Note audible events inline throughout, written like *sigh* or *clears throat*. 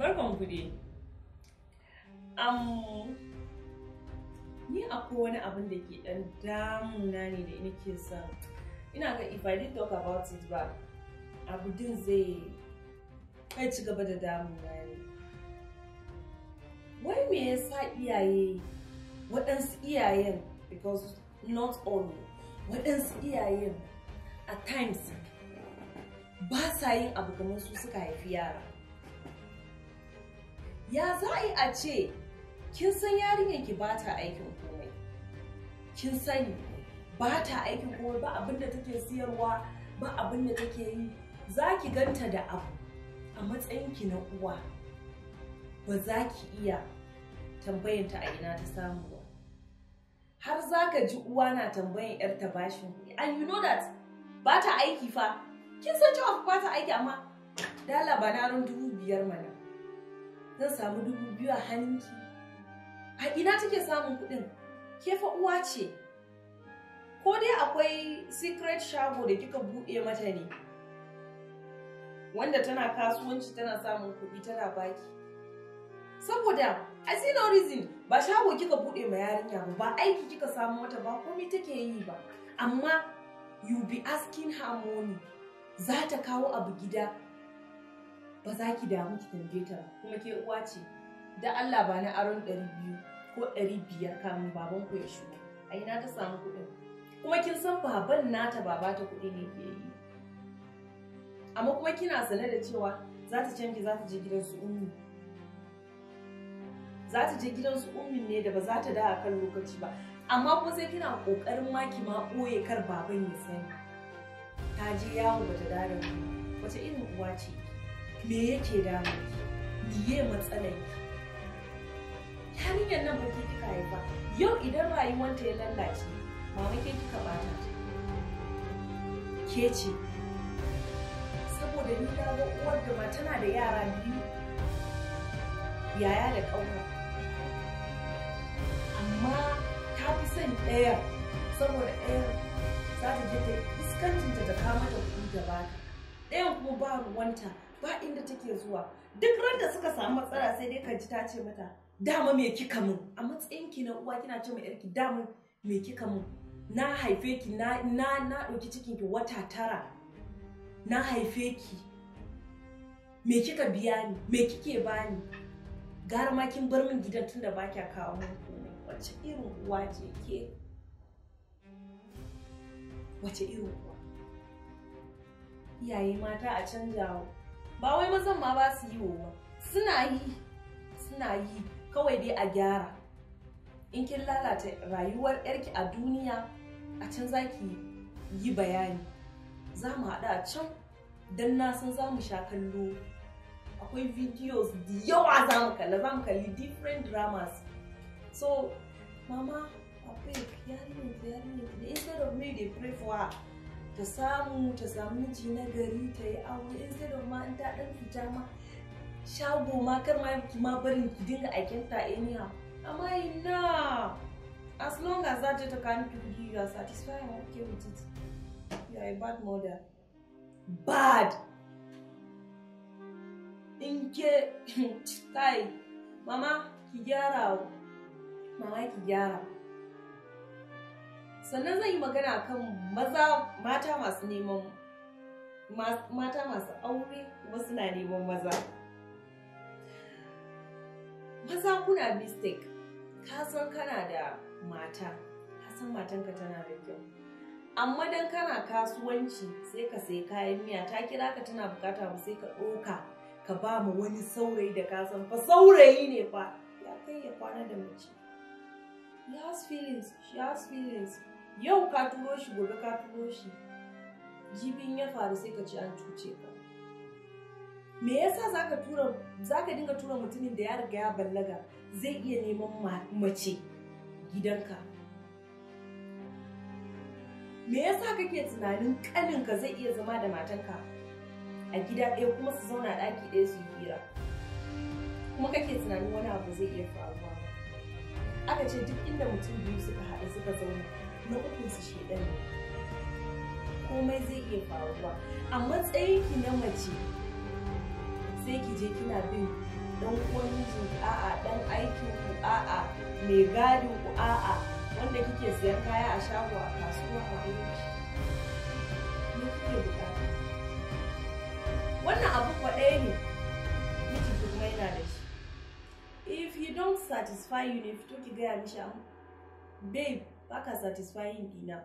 barkan ku dai ni akwai wani abin da ke dan damuna ne da nake son ina ga if I did talk about it ba abu din zai kai ci gaba da damuna ne wai me yasa iyaye waɗansu iyayen because not all waɗansu iyayen at times ba sa yin abu kamar su suka haifi yara ya za a yi a ce kin san yarinyar ki ba ta aikin komai kin sani ba ta aikin komai ba abin da take siyarwa ba abin da take yi za ki ganta da abu a matsayin ki na uwa ba za ki iya tambayanta a ina ta samu ba har za ka ji uwa na tambayan yar ta bashin kuɗi and you know that ba ta aiki fa kin san cewa ba ta aiki amma dala ba na dubu biyar mana zan samu dubu biyu a hannunki a ina take samun kuɗin ke fa uwa ce ko dai akwai secret shago da kika buɗe mata ne wanda tana kasuwanci tana samun kuɗi tana baki saboda a no reason ba shago kika buɗe ma yarinya ba ba aiki kika samu mata ba komai take yi ba amma you be asking her money za ta kawo abu gida ba za ki damu ki tambaye ta kuma ke uwa ce da Allah ba na aron ɗari ko ɗari biyar kamun baban ku ya shuka a ina ta samu kuɗin kuma kin san baban nata baba ta kuɗi ne ke yi amma kuma kina sane da cewa za ta canji za ta je gidan su ummi za ta je gidan su ummin ne da ba za ta da a kan lokaci ba amma kuma sai kina kokarin ma ki ma boye kar baban ya sani ta je yawo bata dare wace irin uwa ce me yake damu Ta matsalar yarinyar nan ba ki kika haifa yau idan rayuwanta ya lallace mama ke kika bata ke ce saboda ni da ga uwar da ma tana da yara biyu yaya da kauna amma ta fi son ɗaya saboda ɗaya za ta je ta iskancinta ta kama ta kuɗi da baka ɗayan kuma ba ruwanta ba inda take zuwa duk ran da suka samu matsala sai dai kanji ta ce mata dama me kika mun a matsayin ki na uwa kina ce ma yarki dama me kika mun na haife ki na na na dauki cikin ki wata tara na haife ki me kika biya ni me kike bani gara ma kin bar min gidan tunda ba kya kawo mun komai wace irin uwa ce ke wace irin uwa iyaye mata a canjawa ba wai mazan ma ba su yi ba suna yi suna yi kawai dai a gyara in kin lalata rayuwar yarki a duniya a can za ki yi bayani za mu haɗu a can don na san za mu sha kallo akwai videos da yawa za mu kalla za mu kalli different dramas so mama akwai yarinyar yarinyar instead of me they pray for her ta samu ta samu miji na gari ta yi aure in sai ma in ta dan fita ma shago ma kar ma ma barin ki dinga aikin ta anyhow amma ina as long as that you kan do you are satisfied and okay with it you are a bad mother bad in ke *clears throat* kai mama ki gyara mama ki gyara sannan zan yi magana kan maza mata masu neman mata masu aure kuma suna neman maza maza kuna mistake ka san kana da mata ka san matanka tana da kyau amma dan kana kasuwanci sai ka sai kayan miya ta kira ka tana bukata mu sai ka ɗoka ka ba mu wani saurayi da ka san fa saurayi ne fa ya kai ya kwana da mace he has feelings she has feelings yau ka turo shi gobe ka turo shi jibin ya faru sai ka ci an cuce ka me yasa zaka tura zaka dinga tura mutumin da ya riga ya ballaga zai iya neman mace gidanka me yasa kake tunanin kaninka zai iya zama da matanka a gida ɗaya kuma su zauna ɗaki ɗaya su yi hira kuma kake tunanin wani abu zai iya faruwa aka ce duk inda mutum biyu suka haɗu suka zauna kuma nufinsu shaidan komai zai iya faruwa a ki na mace sai ki je kina bin dan kwanji mijin a'a dan aikin ku a'a mai gadin ku a'a wanda kike siyan kaya a shago a kasuwa a aiki me kike bukata wannan abu kwaɗaya ne miji kuma yana da shi if you don't satisfy you ne fito ki gaya mishi amma babe baka satisfying dina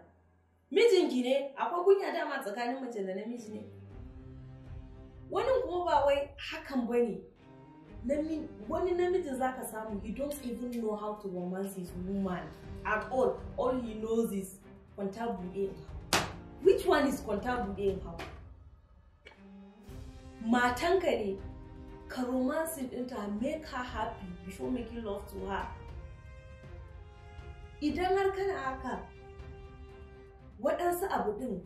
mijinki ne akwai kunya dama tsakanin mace da namiji ne wani kuma ba wai hakan bane wani za zaka samu he don't even know how to romance his woman at all all he knows is kwanta buɗe which one is kwanta buɗe hawa matanka ne ka romance ɗinta make her happy before making love to her idan har kana haka waɗansu abu ɗin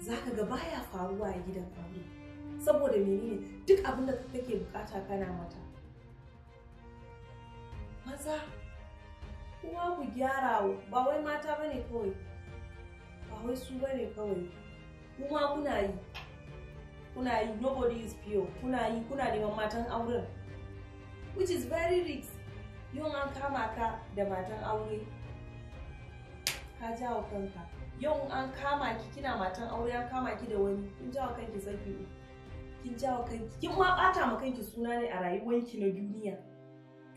za ka ga baya faruwa a gidan aure saboda menene duk abin da kake bukata kana mata maza kuma ku gyara ba wai mata ba ne kawai ba wai su ne kawai kuma kuna yi kuna yi nobody is pure kuna yi kuna neman matan auren which is very risk yau an kama ka da matan aure ka ja kanka yau an kama ki kina matan aure an kama ki da wani kin ja kanki saki kin ja kanki kin ma bata ma kanki suna ne a rayuwanki na duniya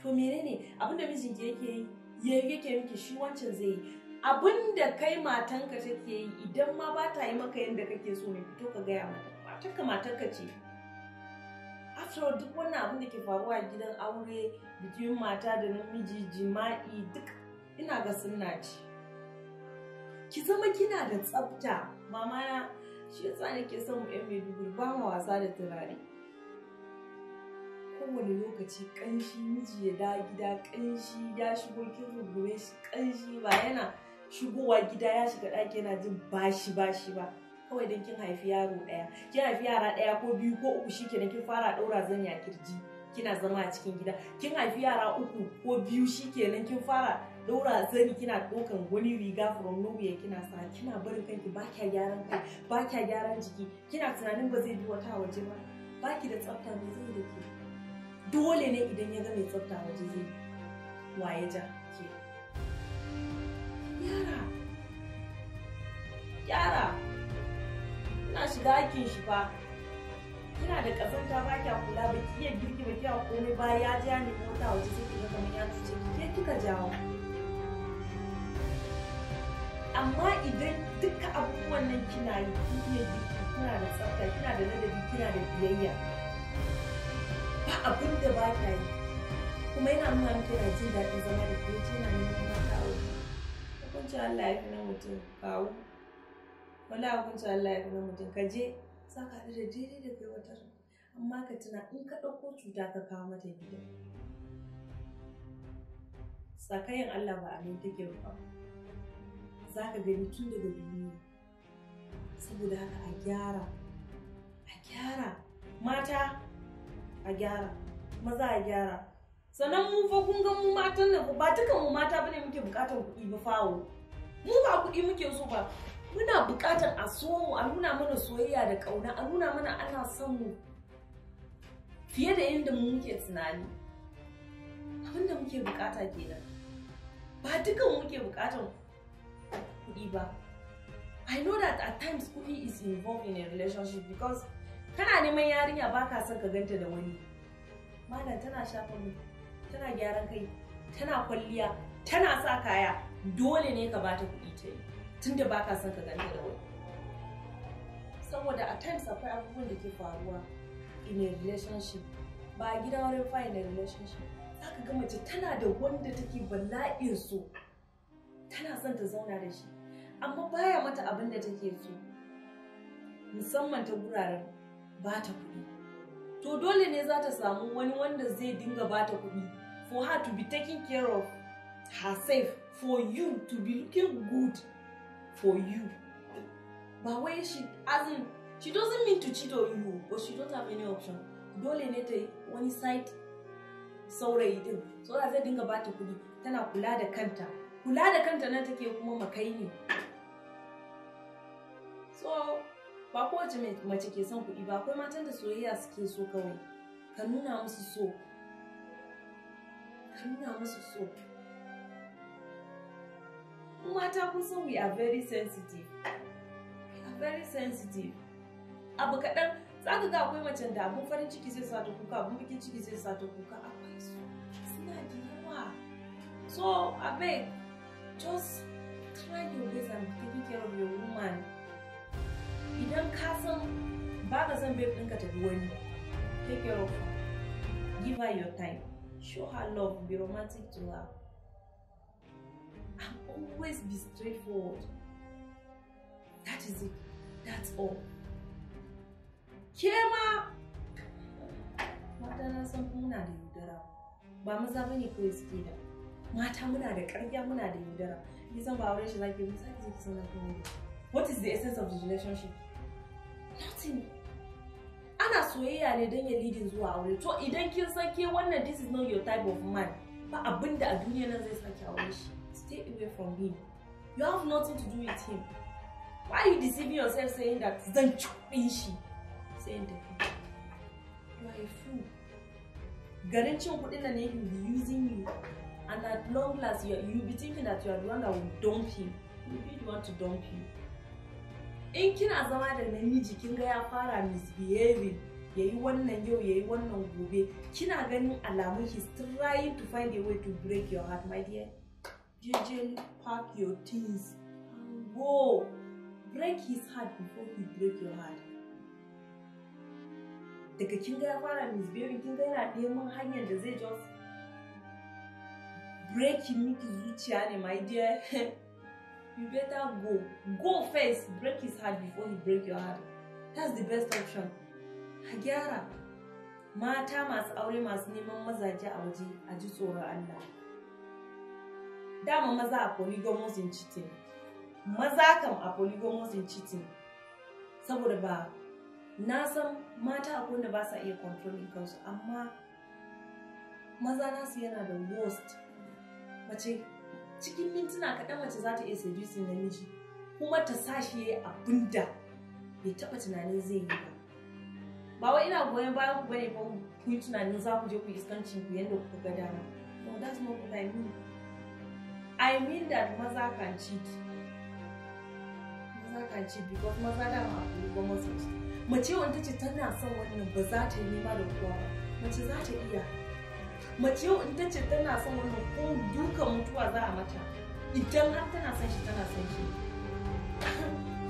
to menene abinda mijinki yake yi yake miki shi wancan zai yi da kai matanka take yi idan ma bata yi maka yadda kake so ne fito ka gaya mata matanka matanka ce after all duk wannan abin da ke faruwa a gidan aure bikin mata da namiji jima'i duk ina ga sunna ce ki zama kina da tsafta mama na shi yasa nake son mu yan Maiduguri ba mu wasa da turare kowane lokaci kanshi miji ya da gida kanshi ya shigo kin rubure shi kanshi ba yana shigowa gida ya shiga ɗaki yana jin bashi bashi ba kawai don kin haifi yaro ɗaya kin haifi yara ɗaya ko biyu ko uku shikenan kin fara ɗaura zanya kirji kina zama a cikin gida kin haifi yara uku ko biyu shikenan kin fara ɗora zani kina ɗaukan wani riga from nowhere kina sa kina barin kanki ba kya gyaran kai ba kya gyaran jiki kina tunanin ba zai bi wata waje ba ba ki da tsafta ne zai da ke dole ne idan ya ga mai tsafta waje zai waye ja ke yara yara ina shiga aikin shi fa kina da kazanta ba kya kula ba ki iya girki ba kya komai ba ya ja ni mota waje sai ki ga kamar ya cuce ki ke kika jawo amma idan duka abubuwan nan kina yi kina kuna da tsafta kina da ladabi kina da biyayya ba abin da ba ta yi kuma yana nuna miki da jin daɗin zama da ke yana neman mata aure hukunci Allah ya fi na mutum kawo wani hukunci Allah ya fi na mutum ka je za ka haɗu da daidai da kai wata amma ka tuna in ka ɗauko cuta ka kawo mata gida sakayin Allah ba abin take ba za ka gani tun daga duniya saboda haka a gyara a gyara mata a gyara maza a gyara sannan mu fa kun ga mu matan nan ba dukan mu mata bane muke bukatar kuɗi ba fawo mu ba kuɗi muke so ba muna bukatar a so mu a nuna mana soyayya da ƙauna a nuna mana ana son mu fiye da yadda mu muke tunani abinda muke bukata kenan ba dukan muke bukatar kuɗi ba i know that at times kuɗi is involved in a relationship because kana neman yarinya ba ka son ka ganta da wani malam tana shafa mu tana gyaran kai tana kwalliya tana sa kaya dole ne ka bata kuɗi ta yi tunda ba ka son ka ganta da wani saboda at times akwai abubuwan da ke faruwa in a relationship ba a gida wurin in a relationship za ka ga mace tana da wanda take bala'in so tana son ta zauna da shi amma baya mata abin da take so musamman ta guraren ba ta kuɗi to dole ne za ta samu wani wanda zai dinga ba ta kuɗi for her to be taking care of herself for you to be looking good for you ba wai she azin she doesn't mean to cheat on you but she don't have any option dole ne ta wani side saurayi din so zai dinga ba ta kuɗi tana kula da kanta kula da kanta na take kuma makai ne so ba kowace mace ke son kuɗi ba akwai matan da soyayya suke so kawai ka nuna musu so ka nuna musu so mata kun san we are very sensitive we are very sensitive abu kaɗan za ka ga akwai mace da abun farin ciki zai sa ta kuka abun bikin ciki zai sa ta kuka akwai so? suna da yawa so abeg just try your best and take care of your woman idan ka san ba ka san babe ɗinka tafi wani take care of her give her your time show her love be romantic to her and always be straightforward that is it that's all ke ma mata na san muna da yaudara ba mu za bane kawai suke da mata muna da ƙarya muna da yaudara nisan ba aure shi zaki yi zaki zaki sanar da what is the essence of the relationship ana soyayya ne don ya lidin zuwa aure to idan kin san ke wannan this is not your type of man ba abin da a duniya nan zai saki aure shi stay away from him you have nothing to do with him why are you deceiving yourself saying that zan cuɓe shi saying that you are a fool garin cin kuɗin nan ne he will be using you and at long last you, you will be thinking that you are the one that will dump him you be the one to dump him. in kina zama da namiji kin ga ya fara misbehaving ya yi wannan yau ya yi wannan gobe kina ganin alamun he's trying to find a way to break your heart my dear jeje pack your things go break his heart before he break your heart daga kin ga ya fara misbehaving kin ga yana neman hanyar da zai just breaking miki zuciya ne my dear *laughs* you better go go first break his heart before he break your heart that's the best option a gyara mata masu aure masu neman mazaje a waje a ji tsoron Allah dama maza a polygamous in cheating maza kam a polygamous in cheating saboda ba na san mata akwai wanda ba sa iya in kansu amma maza nasu yana da worst mace cikin mintuna kaɗan mace za ta iya seducing namiji kuma ta sa shi ya yi abin da bai taɓa tunanin zai yi ba ba wai ina goyon bayan ku bane ba ku yi tunanin za ku je ku iskanci ku yadda ku ga dama no that's not what I mean I mean that maza kan cheat maza can cheat because maza dama a kuma maza mace wanda ce tana son wannan ba za ta yi ba da kowa ba mace za ta iya mace yau in ta ce tana son wani ko dukan mutuwa za a mata idan har tana son shi tana son shi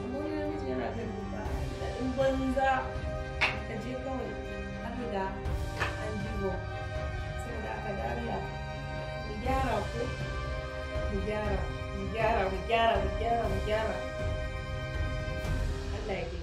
amma wani namiji yana kan duka banza ka je kawai an riga an jigo saboda aka da Allah mu gyara ko mu gyara mu